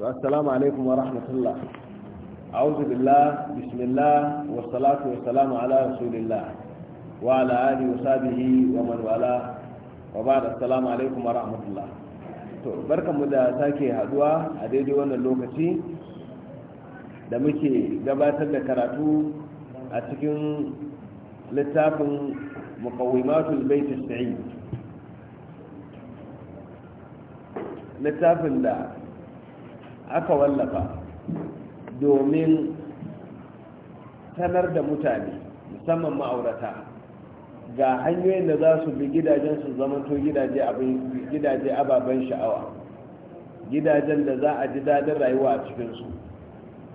to assalamu alaikum wa rahmatullah a'udhu billah bismillah wa salatu wa salamu ala rasulillah wa ala alihi wa sahbihi wa man wala wa bada assalamu alaikum wa rahmatullah to mu da sake haduwa a daidai wannan lokaci da muke gabatar da karatu a cikin littafin muqawimatul bait as-sa'id littafin da aka wallafa domin sanar da mutane musamman ma'aurata ga hanyoyin da za su bi gidajen su zamanto gidaje ababen sha'awa gidajen da za a ji daɗin rayuwa a cikinsu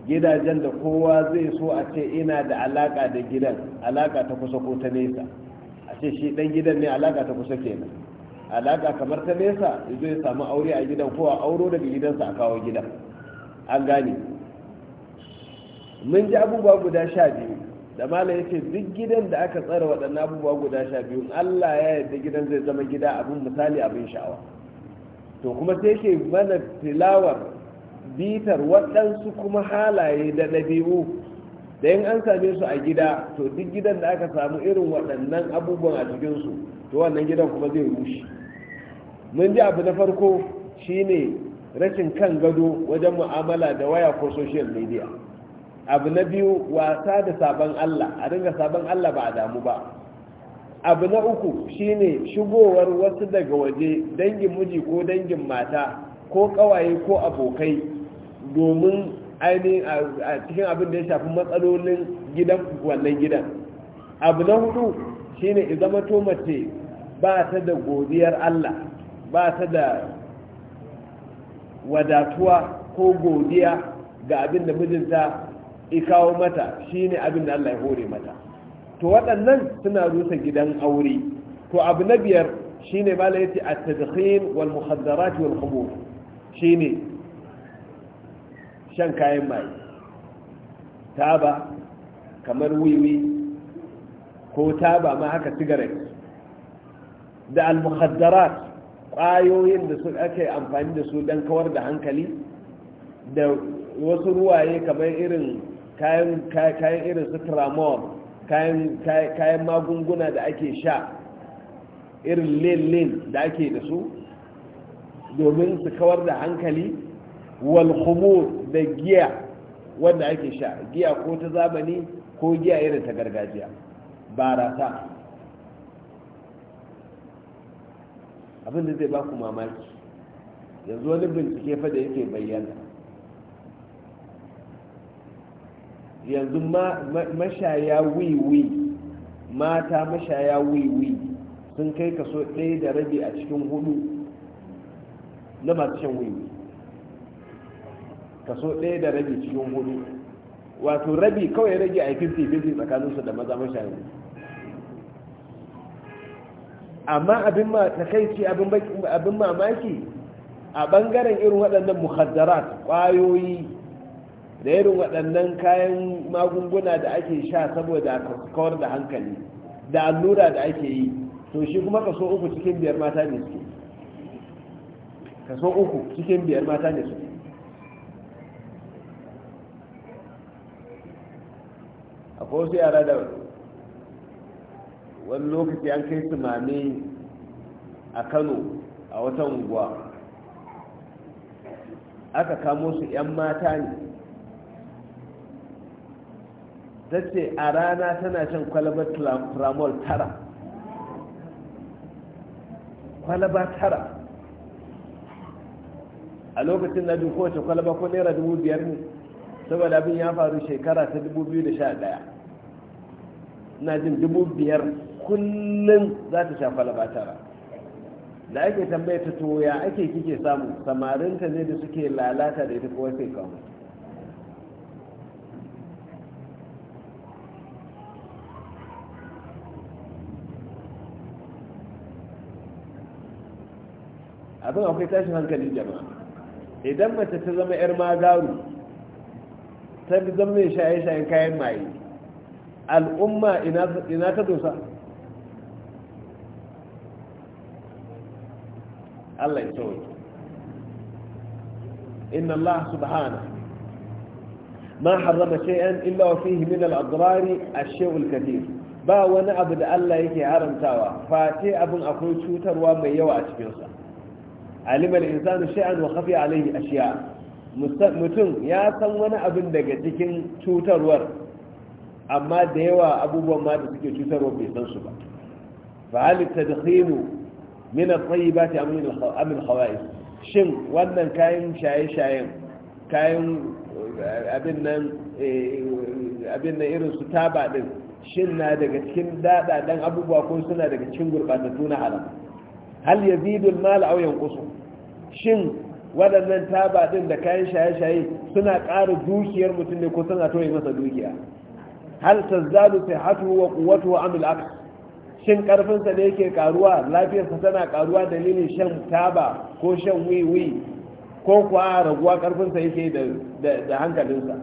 gidajen da kowa zai so a ce ina da alaka da gidan alaka ta kusa ko ta nesa a ce shi ɗan gidan ne alaka ta kusa kenan alaka kamar ta nesa zai samu aure a gidan ko a auro daga gidansa a kawo gidan an gane mun ji abubuwa guda sha biyu da mala ya ce duk gidan da aka tsara waɗannan abubuwa guda sha biyu allah ya yarda gidan zai zama gida abin misali abin sha'awa to kuma sai ke mana tilawar bitar waɗansu kuma halaye da ɗabi'u da in an same su a gida to duk gidan da aka samu irin waɗannan abubuwan a cikinsu to wannan gidan kuma zai rushe mun ji abu na farko shine rashin kan gado wajen mu'amala da waya ko social media abu na biyu wasa da sabon Allah a dinga sabon Allah ba a damu ba abu na uku shine shigowar wasu daga waje dangin miji ko dangin mata ko kawaye ko abokai domin ainihin a cikin abin da ya shafi matsalolin gidan wannan gidan abu na hudu shine izama to ba ta da godiyar Allah ba ta da wadatuwa ko godiya ga abin da mijinta ikawo mata shine abin da Allah ya hore mata to waɗannan suna rusa gidan aure to abu na biyar shine bala yace at-tadkhin wal muhaddarat wal khumur shine shan kayan mai taba kamar wiwi ko taba ma haka cigarette da al-mukhaddarat da su ake amfani da su don kawar da hankali da wasu ruwaye kamar irin kayan irin su tramor kayan magunguna da ake sha irin lin-lin da ake da su domin su kawar da hankali walhumur da giya wanda ake sha giya ko ta zamani ko giya irin ta gargajiya barasa abin da zai baku mamaki yanzu wani bincike fa da yake bayyana yanzu mashaya wiwi mata mashaya wiwi sun kai kaso ɗaya da rabi a cikin hudu na masu shan wiwi kaso ɗaya da rabi cikin hudu wato rabi kawai rage a 50-50 tsakaninsu da maza mashaya wiwi amma abin ma takaici abin mamaki a bangaren irin waɗannan muhaddarat ƙwayoyi da irin waɗannan kayan magunguna da ake sha saboda kawar da hankali da allura da ake yi to shi kuma kaso uku cikin biyar mata ne suke kaso uku cikin biyar mata ne suke akwai wasu yara da wani lokaci an kai tumame a kano a wata unguwa aka kamo su 'yan mata ne ta ce a rana tana shan kwalabar tramol tara kwalaba tara a lokacin na duk kowace kwalaba ko naira dubu biyar ne saboda abin ya faru shekara ta dubu biyu da sha ɗaya. na jin dubu biyar kullum za ta shafa labatara da ake tambaya ta to ya ake kike samu samarinta ne da suke lalata da ita kowa sai kawo abin akwai tashin hankali jama'a idan mace ta zama 'yar magaru ta zama mai shaye-shayen kayan maye al'umma ina ta dosa Allah ya tsawo inna Allah subhanahu ما حرم شيئا إلا وفيه من الأضرار الشيء wani abu da Allah yake haramtawa Fate abin akwai cutarwa mai yawa a cikinsa alimal insanu shay'an wa khafi alayhi ashiya mutum ya san wani abin daga cikin cutarwar amma da yawa abubuwan ma da suke cutarwa bai san su ba fa hal tadkhinu min at-tayyibati am min am al-khawa'is shin wannan kayan shaye-shayen kayan eh, eh, abin nan irin su taba din shin na daga cikin dadadan abubuwa ko suna daga cikin gurbatattu na haram hal yazidu al-mal aw yanqusu shin waɗannan taba din da kayan shaye-shaye suna ƙara dukiyar mutum ne ko suna toye masa dukiya hal tazdadu sihhatuhu wa quwwatuhu am shin karfinsa ne yake karuwa lafiyarsa tana karuwa dalilin shan taba ko shan wiwi ko kuwa raguwa karfinsa yake da hankalinsa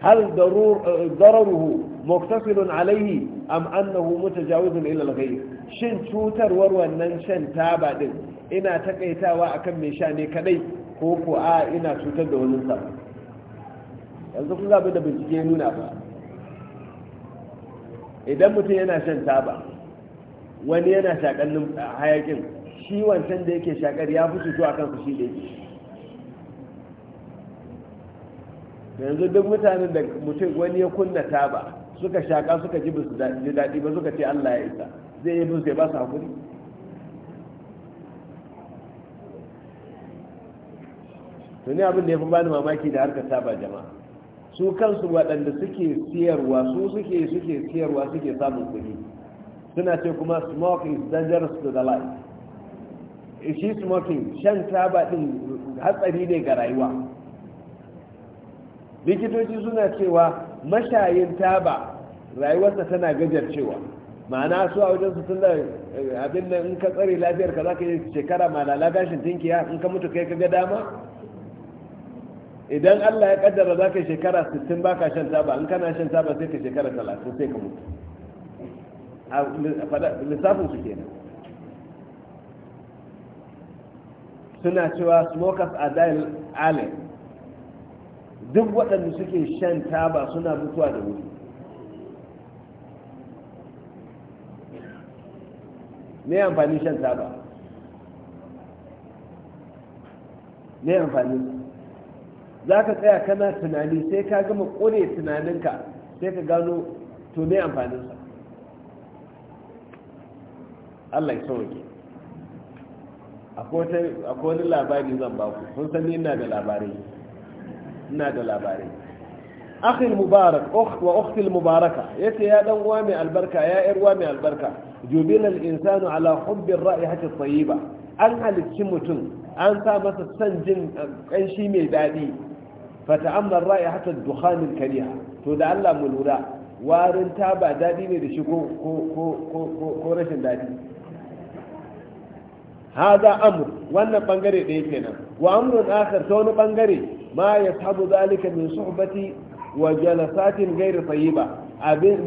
hal eh, dararuhu muktasilun alaihi am annahu mutajawizun ila alghayr shin cutarwar wannan shan taba din ina takaitawa akan mai sha ne kadai ko ko a ina cutar da wani yanzu kun zabi da bincike nuna ba idan mutum yana shan taba wani yana shakar hayakin shi wancan da yake shakar ya fi cutu a kansu shi da yake yanzu duk mutanen da mutum wani ya kunna taba suka shaka suka ji basu daɗi ba suka ce Allah ya isa zai yi musu ya ba su hakuri to ne abin da ya fi bani mamaki da harkar taba jama'a su kansu waɗanda suke siyarwa su suke suke siyarwa suke samun kuɗi suna ce kuma smoke is dangerous to the life eh, shi smoking shan taba din hatsari ne ga rayuwa likitoci suna cewa mashayin taba rayuwarsa tana gajarcewa ma'ana su a wajen su tun da eh, abin nan in ka tsare lafiyar ka za ka yi shekara da gashin tinkiya in ka mutu kai ka ga dama idan allah ya kaddara za ka shekara 60 ka shan taba in kana shan taba sai ka shekara 30 sai ka mutu lissafin su nan. suna cewa smokers are dying allen duk waɗanda suke shan taba suna mutuwa da wuri ne amfani shan taba ne amfani za ka tsaya kana tunani sai ka gama ƙone tunaninka sai ka gano to ne amfanin Allah ya sauke akwai wani labari zan ba ku kun san ina da labarai ina da labari akhil mubarak ukht wa ukhti al mubaraka yace ya dan uwa mai albarka ya yar uwa mai albarka jubila al insanu ala hubbi ar raihati at tayyiba an halicci mutum an sa masa san jin kanshi eh, mai dadi fa ta'ammal raihati ad dukhan al kariha to da Allah mu lura warin ta ba dadi ne da shi ko ko ko ko rashin dadi haza amr wannan bangare ɗaya kenan wa amrun akhar ta wani bangare ma yashabu zalika min suhbati wa jalasatin ghairu tayyiba abin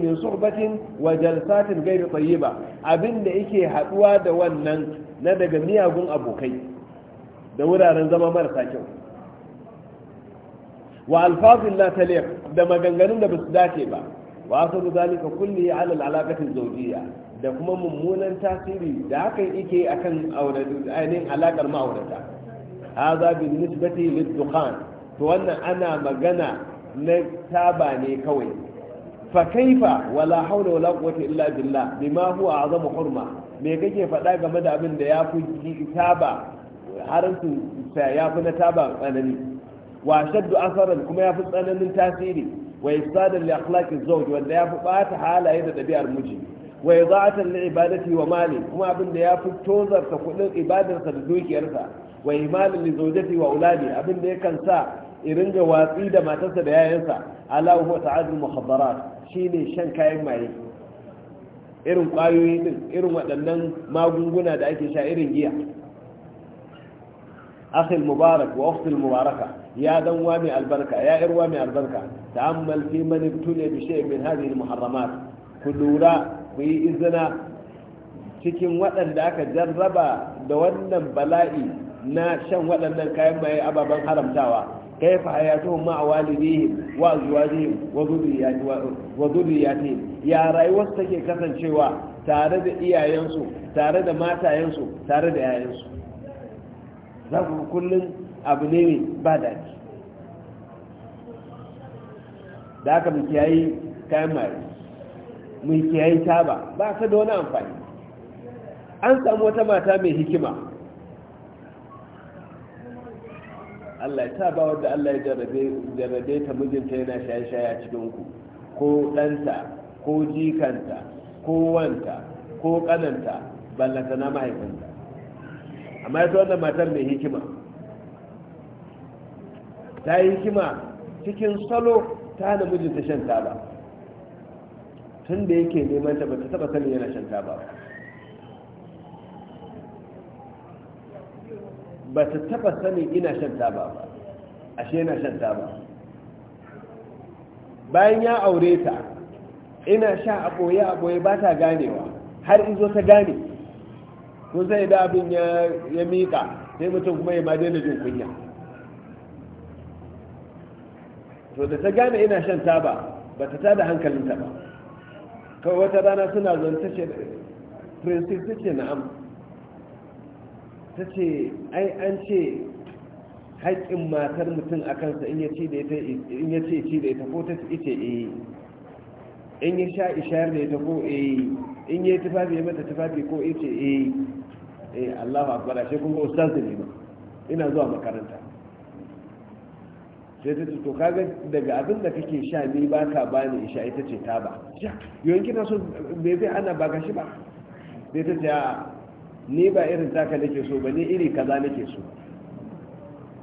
abin da yake haduwa da wannan na daga miyagun abokai da wuraren zama marasa kyau wa alfazin la taliq da maganganun da basu dace ba wa asabu zalika kulli ala al-alaqati da kuma mummunan tasiri da hakan a kan ainihin alakar ma'aurata haza bin nisbati lidukhan to wannan ana magana na taba ne kawai fa kaifa wala haula wala quwwata illa billah bima huwa azamu hurma me kake faɗa game da abin da ya fi taba haramcin sa ya fi na taba tsanani wa shaddu asaran kuma ya fi tsananin tasiri wa ifsadan li akhlaqi zawj wanda ya fi bata halaye da ɗabi'ar miji wa yadha'atan li ibadati wa mali kuma abin da ya fi tozarta kudin ibadarsa da dukiyarsa wa imanin li zawjati wa auladi abin da yakan sa irin ga watsi da matarsa da yayansa ala huwa ta'adul muhaddarat shine shan kayan maye irin kwayoyi din irin waɗannan magunguna da ake sha irin giya أخي المبارك وأختي albarka ya دوامي albarka. يا إروامي fi تأمل في من ابتلي min من هذه المحرمات Ku lura. ku yi izina cikin waɗanda aka jarraba da wannan bala'i na shan waɗannan kayan maye ababen haramtawa kai fa ya to ma a walidihi wa zuwaji wa zuriyati ya rayuwar take kasancewa tare da iyayensu tare da matayensu tare da yayansu za ku kullun abu ne ne ba dace da aka mu kiyaye kayan maye Mun kiyaye taba ba ta da wani amfani an samu wata mata mai hikima Allah ya taba wadda Allah ya jarrabe ta mijinta yana shaye-shaye a cikin ku ko ɗanta ko jikanta ko wanta ko ƙananta ballanta na mahaifinta amma ita wannan matar mai hikima ta yi hikima cikin salo ta hana mijinta shan taba tun da yake neman ta bata taba sani yana shan taba ba ta taba sani ina shan taba ba ashe yana shan taba bayan ya aure ta ina sha a ɓoye a ɓoye ba ta ganewa har izo ta gane ko sai da abin ya miƙa sai mutum kuma ya ma daina jin kunya to da ta gane ina shan taba ba ta tada hankalinta ba kawai wata rana suna zanta ce princess ta ce na'am ta ce ai an ce haƙƙin matar mutum a kansa in ya ce ci da ita ko ta ce eh in ya sha ishayar da ita ko e in ya tufafi ya mata tufafi ko ya ce e allahu akbar ashe kun ga ne ba ina zuwa makaranta sai ta to kaga daga abin da kake sha ni ba ka ba ni isha ita ce ta ba yawan kina so me zai ana ba shi ba sai ta ce a ni ba irin taka nake so ba ni iri kaza nake so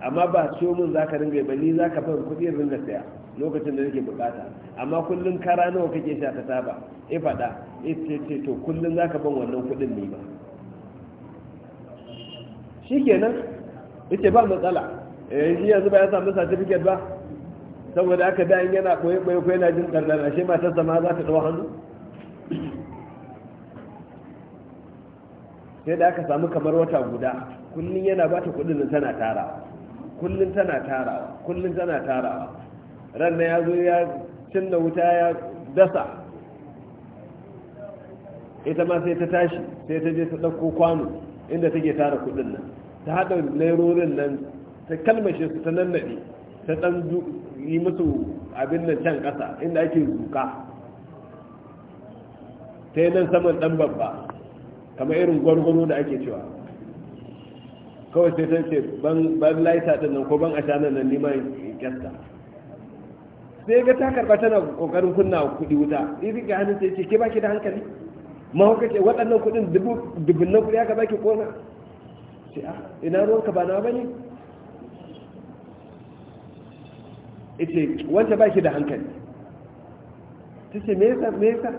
amma ba ciwo min za ka ringa ba ni za ka fara kuɗi ringa saya lokacin da nake bukata amma kullum kara nawa kake sha ta taba e faɗa e ce to kullum za ka ban wannan kuɗin ni ba kenan ita ba matsala yanzu eh, shi yanzu ba ya samu certificate ba saboda aka da in yana koyi koyi ko yana jin dardar ashe matar sama za ta dawo hannu sai da aka samu kamar wata guda kullum yana ba ta kudin tana tara, kullum tana tara, kullum tana tara. ran na ya zo ya cinna wuta ya dasa ita ma sai ta tashi sai ta je ta ɗauko kwano inda take tara kudin nan ta haɗa lairorin nan ta kalmashe su ta naɗi ta ɗan yi musu abin nan can ƙasa inda ake zuka ta yi nan saman ɗan babba kamar irin gwargwaro da ake cewa kawai sai ta ce ban laita ɗin nan ko ban a shanar nan nima kyasta sai ga ta karɓa tana ƙoƙarin kunna kuɗi wuta iri ga hannun sai ce ke baki da hankali ma kuka ce waɗannan kuɗin na kuɗi aka baki kona ce a ah, ina ruwanka ba na ba ne ita wanda ba shi da hankali ta ce mesa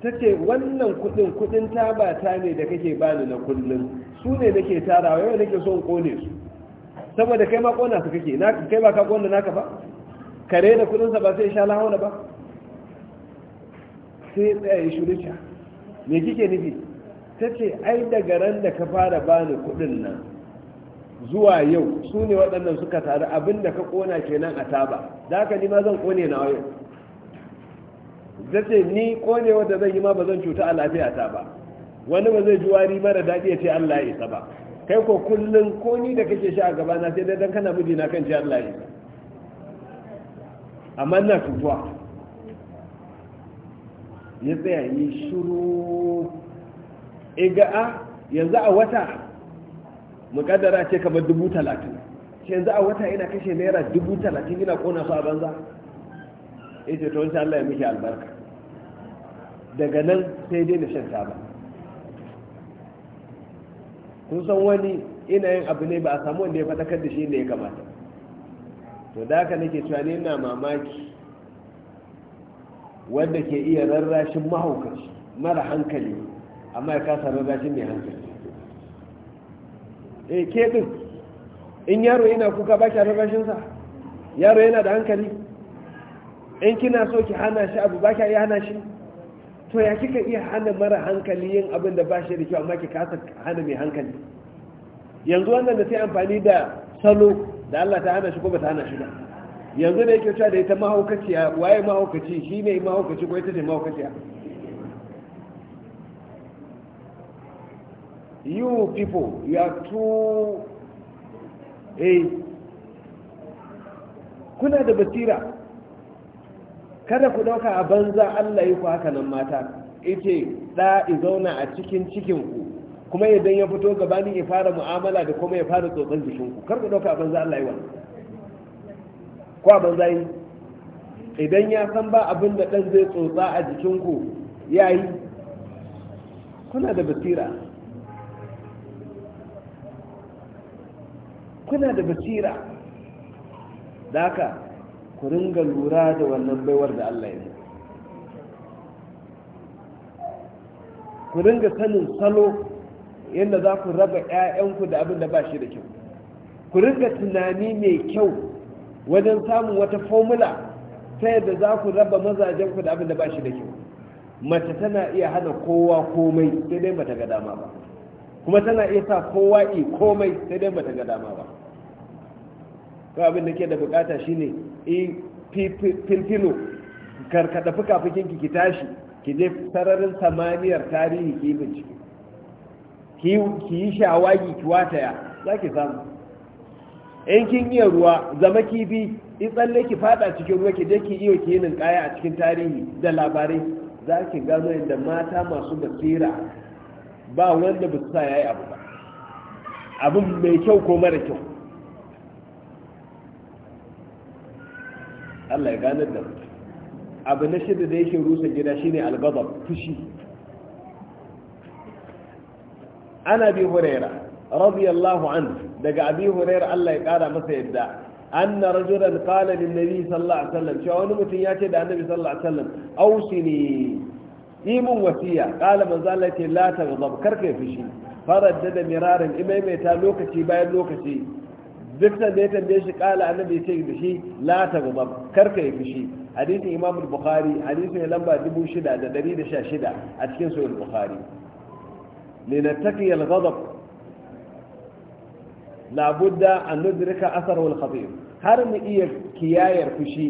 ta ce wannan kudin kudin tabata ne da kake bani na kullum su ne nake tarawa yau nake son kone su saboda kai ma kona su kake kai ba ka kona naka ba kare da kudinsa ba sai sha lahauna ba sai tsaye shuruta me kike nufi ta ce ai daga ran da ka fara bani kudin nan zuwa yau su ne waɗannan suka taru abin da ka kona kenan a taba da haka ni ma zan kone na yau da ce ni kone wanda zan yi ma ba zan cuta a lafiyata ba wani ba zai ji wari mara daɗi ya ce allah ya isa ba kai ko kullum ko da kake sha a gaba na sai dai dan kana miji na kan ji allah ya amma na tutuwa ya tsaya yi shiru iga a ah, yanzu a wata mukaddara ce kamar dubu talatin shi yanzu a wata ina kashe naira dubu talatin ina kona su a banza ya ce ta wancan allah ya miki albarka daga nan sai dai na shan taba kun san wani ina yin abu ne ba a samu wanda ya fadakar da shi inda ya kamata to da haka nake cewa ne ina mamaki wanda ke iya rarrashin mahaukaci mara hankali amma ya kasa rarrashin mai hankali eh ke din in yaro yana kuka ba ki albashin sa yaro yana da hankali in kina so ki hana shi abu ba ki iya hana shi to ya kika iya hana mara hankali yin abin da ba shi da kyau amma ki kasa hana mai hankali yanzu wannan da sai amfani da salo da Allah ta hana shi ko ba ta hana shi ba yanzu da yake cewa da ita mahaukaciya waye mahaukaci shine mahaukaci ko ita ce mahaukaciya you people, you are too hey kuna da basira kada ku dauka a banza Allah yi ku haka nan mata yace da zauna a cikin cikin ku kuma idan ya fito gabanin ya fara mu'amala da kuma ya fara tsotsan jikin ku kar ku dauka a banza Allah yi wannan ko a banza yi idan ya san ba abin da dan zai tsotsa a jikin ku yayi kuna da basira kuna da basira da haka ku ringa lura da wannan baiwar da Allah ya yi ku ringa sanin salo yadda za ku raba 'ya'yanku da abin da ba shi da kyau ku ringa tunani mai kyau wajen samun wata fomula ta yadda za ku raba mazajenku da abin da ba shi da kyau mace tana iya hana kowa komai sai dai mata ga dama ba kuma tana iya sa kowa i komai sai dai mata ga dama ba to abin da ke da bukata shine eh, in filfilo karkada fukafukin ki ki tashi ki je sararin samaniyar tarihi ki bincike ki yi shawagi ki wataya za ki samu in kin iya ruwa zama kifi in tsalle ki fada cikin ruwa ki je ki iyo ki yinin kaya a cikin tarihi da labarai za ki gano yadda mata masu basira ba wanda ba su sa ya abu ba abin mai kyau ko mara kyau Allah ya ganar da abu na shida da yake rusa gida shine al-ghadab fushi ana bi huraira radiyallahu anhu daga abi huraira Allah ya kara masa yadda anna rajulan qala lin nabi sallallahu alaihi wasallam cewa wani mutum ya ce da annabi sallallahu alaihi wasallam ausini imun wasiya qala manzo Allah ce la taghdab karka fushi faraddada miraran imaimaita lokaci bayan lokaci duk da ya tambaye shi kala annabi ce da shi la ta gaba karka ya fushi hadisin imam bukhari hadisin ya lamba 6116 a cikin sahih bukhari linattaqi al-ghadab la budda an nudrika atharahu al-khatir har mu iya kiyayar fushi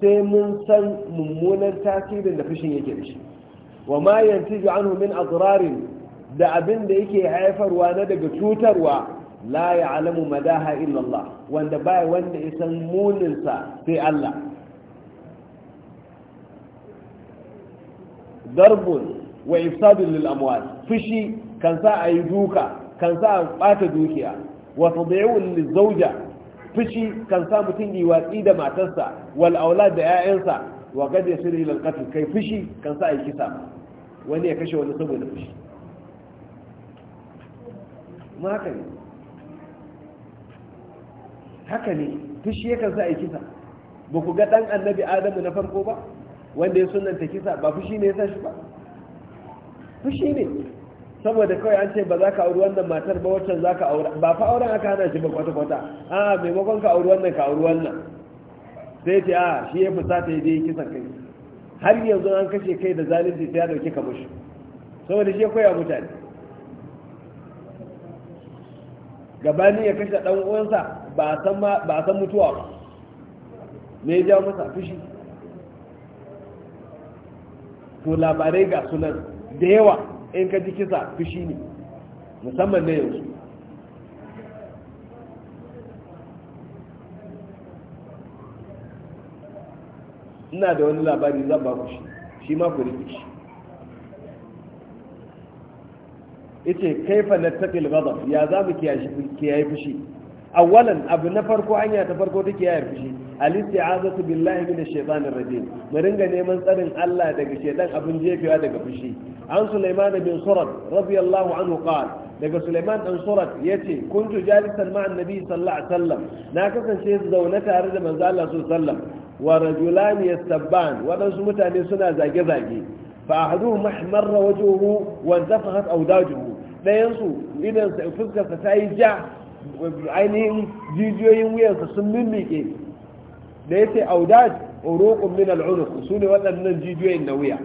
sai mun san mummunan tasirin da fushin yake da shi wa ma yantiju anhu min adrarin da abin da yake haifarwa na daga cutarwa la alamu madaha illa Allah wanda baya wanda ya san munin sa sai Allah darbun wa ifsadun lil fushi kan sa ayi duka kan sa a bata dukiya wa tadyi'un lil fushi kan sa mutum yi watsi da matarsa wal aula da 'ya'yansa wa qad yasiru ila al kai fushi kan sa ayi kisa wani ya kashe wani saboda fushi ma ne haka ne shi yakan sa a yi kisa ba ku ga ɗan annabi adamu na farko ba wanda ya sunanta kisa ba fushi ne ya sa shi ba fushi ne saboda kawai an ce ba za ka auri wannan matar ba waccan za ka aura ba fa auren aka hana shi ba kwata-kwata a maimakon ka auri wannan ka auri wannan sai ce a shi ya fi ta yi dai kisan kai har yanzu an kashe kai da zalunci sai ya dauki ka mushi saboda shi ya koya mutane gabani ya kashe dan uwansa ba a san mutuwa ba me ya jawo masa fushi to labarai ga sunan da yawa in ka ji kisa fushi ne musamman na yanzu ina da wani labari zan ba ku shi shi ma ku rikici shi ita kaifa na al gadab ya za mu kiyaye fushi awwalan abu na farko anya ta farko take yayar fushi al-isti'azatu billahi minash shaitanir rajim mu ringa neman tsarin Allah daga shaitan abun jefewa daga fushi an Sulaiman bin Surat radiyallahu anhu qala daga Sulaiman dan Surat yace kuntu jalisan ma'a annabi sallallahu alaihi wasallam na kasance zaune tare da manzo Allah sallallahu alaihi wasallam wa rajulani yastabban wadansu mutane suna zage zage fa ahaduhum ihmarra wajhuhu wa intafakhat awdajuhu dayansu idan fuskarsa ta yi ja ainihin jijiyoyin wuyansa sun mimmiƙe da ya ce audaj uruqun min al'unuq su ne waɗannan jijiyoyin da wuya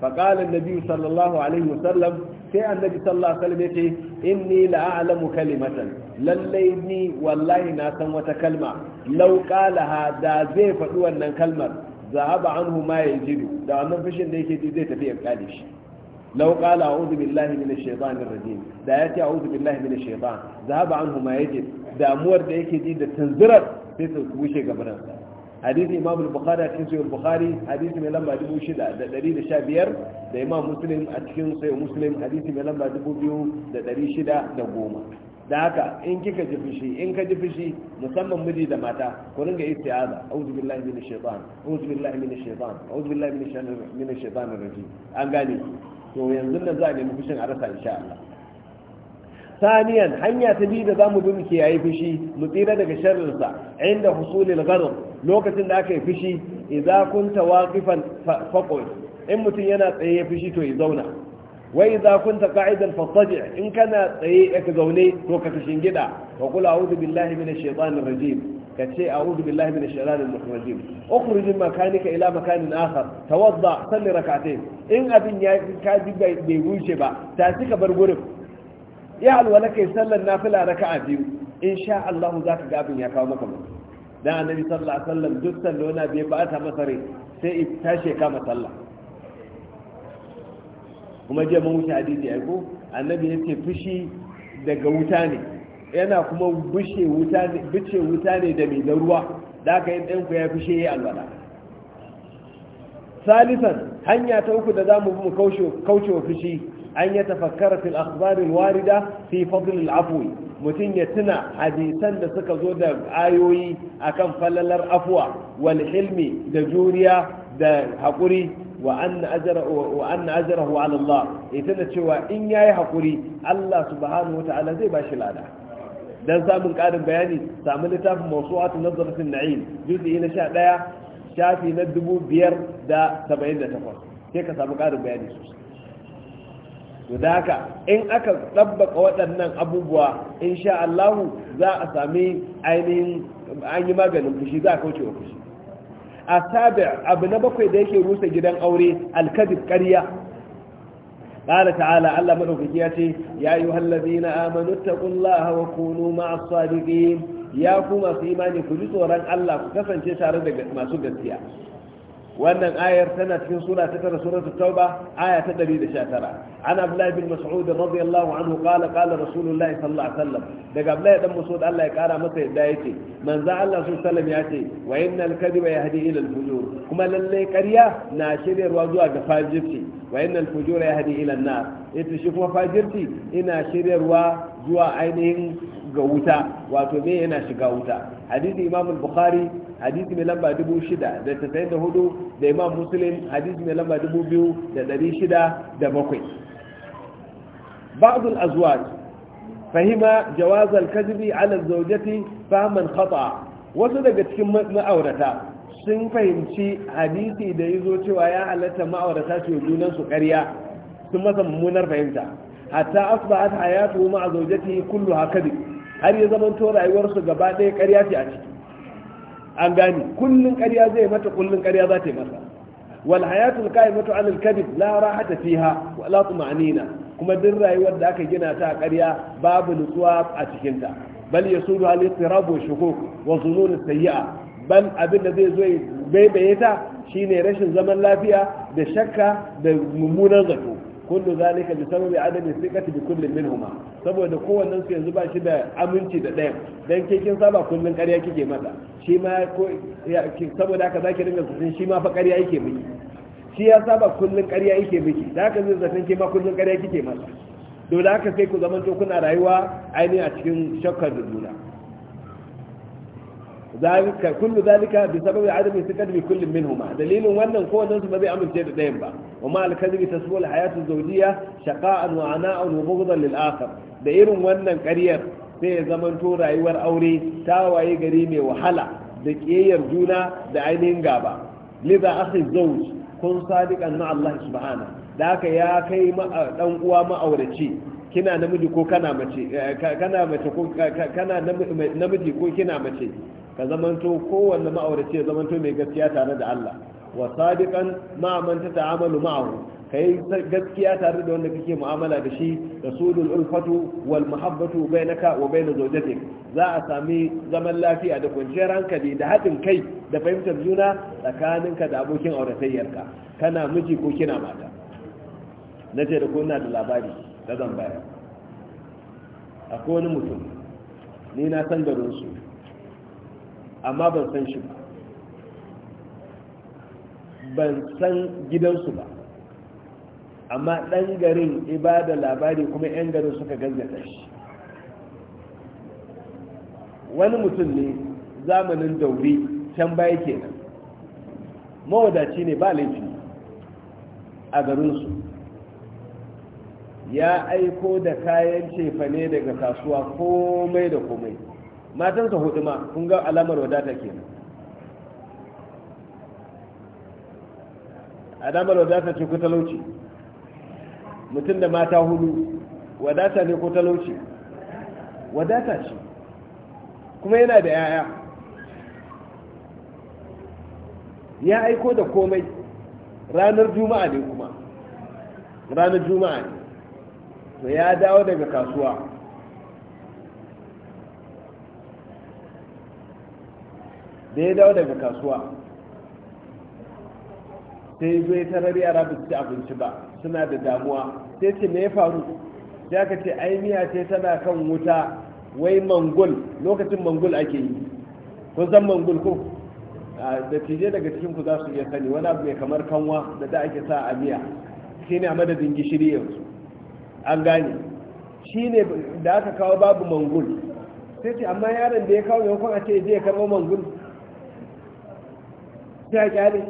faƙalin nabi sallallahu alaihi wasallam sai annabi sallallahu alaihi wasallam ya ce inni la'alamu kalimatan lallai ni wallahi na san wata kalma lauka qalaha da zai faɗi wannan kalmar zahaba anhu ma yajidu da wannan fashin da yake ji zai tafi ya kadi shi لو قال أعوذ بالله من الشيطان الرجيم دا يأتي أعوذ بالله من الشيطان ذهب عنه ما يجد دا أمور دا يكي دي دا تنزرر تيسل كوشي قبرنا حديث إمام البخاري أتكين سيو البخاري حديث من لما دبو شدا دا دليل شابير دا إمام مسلم أتكين سيو مسلم حديث من لما دبو بيو دا دليل شدا دا قوما da haka in kika ji fushi in ka ji fushi musamman miji da mata ku ringa isti'aza a'udhu billahi minash shaitan a'udhu billahi minash shaitan a'udhu billahi minash shaitanir rajim an gane to yanzu nan za a nemi fushin a rasa insha Allah ثانيا hanya ta biyu da zamu bi ke yayi fushi mu tsira daga sharrinsa inda husulil gado lokacin da aka yi fushi idza kunta waqifan faqul in mutum yana tsaye fushi to ya zauna wai za kunta qa'idan fattaji in kana tsaye ya ka zaune to ka gida wa qul a'udhu billahi minash shaitanir rajim ka ce a'udhu billahi minash shaitanir rajim ukhruj min makanika ila makanin akhar tawadda salli rak'atayn in abin ya ka ji bai wuce ba ta ka bar gurin ya alwala kai sallar nafila a biyu insha Allah zaka ga abin ya kawo maka mutum dan annabi sallallahu alaihi wasallam duk sallar sallona bai bata masa rai sai ita tashi kama sallah kuma jiya mun wuce hadisi ai ko annabi yace fushi daga wuta ne yana kuma bushe wuta ne bice wuta ne da mai da ruwa da haka in ɗanku ya fushe ya alwala salisan hanya ta uku da zamu mu kauce wa fushi an ya tafakkara fil akhbaril warida fi fadl al afwi mutum ya tuna hadisan da suka zo da ayoyi akan falalar afwa wal hilmi da juriya da haƙuri wa anna ajrahu wa anna Allah ita da cewa in yayi hakuri Allah subhanahu wataala zai shi lada dan samun karin bayani sami littafin mawsu'atu nadratin na'im juz'i na daya shafi na da 578 sai ka samu karin bayani sosai to da haka in aka tsabbaka waɗannan abubuwa insha allahu za a sami ainihin an yi maganin fushi za a kauce wa fushi a sabi abu na bakwai da yake rusa gidan aure alkadif ƙarya ƙara ta'ala allah maɗaukaki ya ce ya yi hallabi na amanu ta ƙullaha wa kunu masu sadiƙi ya kuma su imani ku ji tsoron allah ku kasance tare da masu gaskiya wannan ayar tana cikin sura ta tara suratu tauba aya ta 119 an abdullahi bin mas'ud radiyallahu anhu qala qala rasulullahi sallallahu alaihi daga abdullahi dan mas'ud Allah ya kara masa yadda yake manzo Allah sallallahu alaihi ya ce wa innal kadhiba yahdi ila al fujur kuma lalle ƙarya na shiryarwa zuwa ga fajirci wa innal fujura yahdi ila an nar ita shi kuma fajirci ina shiryarwa zuwa ainihin ga wuta wato me yana shiga wuta hadisi imam bukhari hadisi mai lamba shida da imam muslim hadisi mai lamba da ba'd al-azwaj fahima jawazal al-kadhibi ala Zaujati, fahman khata wasu daga cikin ma'aurata sun fahimci hadisi da zo cewa ya halatta ma'aurata su junan su ƙarya sun masa mummunar fahimta hatta asbahat hayatu ma'a zawjatihi kulluha kadhib har ya zamanto rayuwarsu gaba ɗaya ƙarya ce a ciki an gani kullun ƙarya zai mata kullun ƙarya za ta yi masa wal hayatul qa'imatu 'ala al-kadhib la rahata fiha wa la tuma'nina kuma bin rayuwar da aka gina ta a ƙarya babu nutsuwa a cikin ta bal yasudu al istirab wa shukuk wa zunun sayyi'a bal abin da zai zo baibaye ta shine rashin zaman lafiya da shakka da mummunan zato kullu zalika bi sababi adami thiqati bi kulli minhuma saboda kowannen su yanzu ba shi da aminci da ɗayan dan ke kin saba kullun ƙarya kike mata shi ma ko saboda haka zaki dinga su shi ma fa ƙarya yake miki shi ya saba kullun ƙarya yake miki da haka zai zaton ke ma kullun ƙarya kike mata dole haka sai ku zamanto kuna rayuwa ainihin a cikin shakkar da juna zalika kullu zalika bi sababi adami thiqat bi kullin minhuma dalilin wannan ko wannan su ba zai amince da dayan ba amma al-kadhibi tasbu al-hayatu zawjiyya shaqa'an wa ana'an wa bughdan lil akhar da irin wannan karyar sai ya zamanto rayuwar aure ta waye gari mai wahala da ƙiyayyar juna da ainihin gaba liza akhi zawj kun sadiqan ma Allah subhana da haka ya kai dan uwa ma'aurace kina namiji ko namiji ko kina mace ka zamanto kowanne ma'aurace ya zamanto mai gaskiya tare da Allah wa sadiqan ma'amanta ta'amalu ma'ahu kai gaskiya tare da wanda kake mu'amala da shi rasulul ulfatu wal bainaka wa bain zawjatik za a sami zaman lafiya da kwanciyar hankali da haɗin kai da fahimtar juna tsakaninka da abokin auratayyarka kana miji ko kina mata na ce da kuna da labari da zan bayar akwai wani mutum ni na san garinsu amma ban san shi ba ban san gidansu ba amma ɗan garin ibada labari kuma 'yan garin suka gangata shi wani mutum ne zamanin dauri can baya kenan mawadaci ne ba laifi a garinsu ya aiko da kayan cefane daga kasuwa komai da komai matansa hudu ma kun ga alamar wadata kenan alamar wadata ce ko talauci mutum da mata hudu wadata ne ko talauci wadata ce kuma yana da yaya ya aiko da komai ranar juma'a ne kuma ranar juma'a ne to ya dawo daga kasuwa da ya dawo daga kasuwa sai zai tarar yara ba su ci abinci ba suna da damuwa sai ce me ya faru ya ka ce ai miya ce tana kan wuta wai mangul lokacin mangul ake yi kun zan mangul ko da tije daga cikin ku za su iya sani wani abu mai kamar kanwa da da ake sa a miya shine a madadin gishiri yanzu an gane ne da aka kawo babu mangul sai ce amma yaron da ya kawo yankon a ce je ya karɓo mangul ta kyale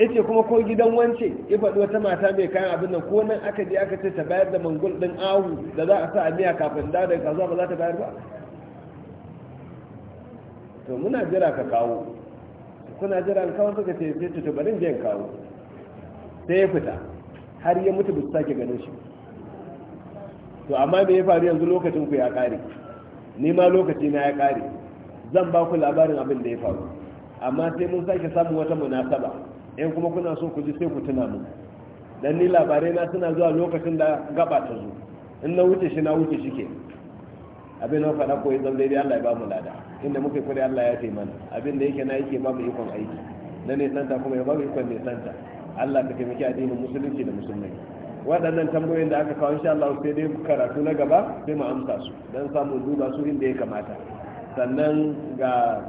ita kuma ko gidan wance ya faɗi wata mata mai kayan abin nan ko nan aka je aka ce ta bayar da mangul ɗin awu da za a sa a miya kafin da daga kazuwa ba za ta bayar ba to muna jira ka kawo kuna jira an kawo suka ce sai tutu barin biyan kawo sai ya fita har ya mutu ba su sake ganin shi to amma me ya faru yanzu lokacin ku ya kare ni ma lokaci na ya kare zan ba ku labarin abin da ya faru amma sai mun sake samun wata munasaba in kuma kuna so ku ji sai ku tuna mu dan ni labarai na suna zuwa lokacin da gaba ta zo in na wuce shi na wuce shi ke abin na faɗa koyi zan daidai Allah ya ba mu lada inda muke kuri Allah ya taimaka abin da yake na yake ba mu ikon aiki na ne santa kuma ya ba mu ikon ne santa Allah ka taimaki addinin musulunci da musulmai waɗannan tambayoyin da aka kawo insha Allah sai dai karatu na gaba sai mu amsa su dan samu duba su inda ya kamata sannan ga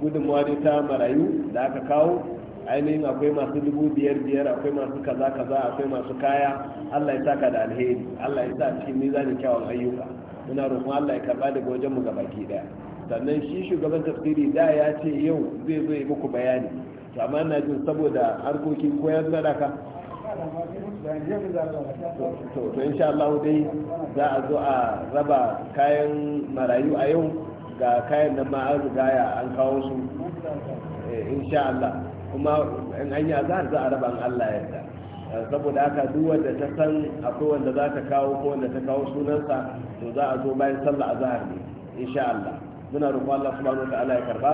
gudunmuwa dai ta marayu da aka kawo ainihin akwai masu dubu biyar biyar akwai masu kaza kaza akwai masu kaya allah ya saka da alheri allah ya sa cikin mizanin kyawun ayyuka muna roƙon allah ya karɓa daga wajen mu gabaki daya sannan shi shugaban tafsiri da ya ce yau zai zo ya muku bayani to amma ina jin saboda harkokin koyar sadaka to to insha Allah dai za a zo a raba kayan marayu a yau ga kayan nan ma an riga ya an kawo su eh, insha Allah kuma in an yi a za a raba in Allah yadda eh, saboda haka duk wanda ta san akwai wanda za ta kawo ko wanda ta kawo sunansa to za a zo bayan sallah azhar ne insha Allah muna roƙon Allah subhanahu ta'ala ya karba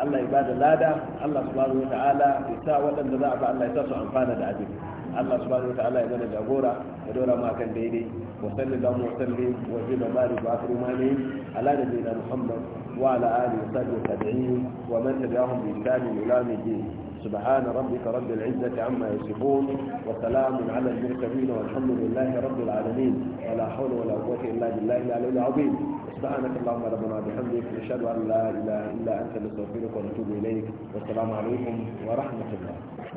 Allah ya bada lada Allah subhanahu ta'ala ya sa waɗanda za a ba Allah ya sa su amfana da abin الله سبحانه وتعالى يزال جاغورا ودورا ما كان ديني وصل الله وسلم وزيد مالك وآخر ماني على نبينا محمد وعلى آله وصحبه التابعين ومن تبعهم بإنسان إلى مدين سبحان ربك رب العزة عما يصفون وسلام على المرسلين والحمد لله رب العالمين ولا حول ولا قوة إلا بالله العلي العظيم سبحانك اللهم ربنا وبحمدك نشهد أن لا إله إلا أنت نستغفرك ونتوب إليك والسلام عليكم ورحمة الله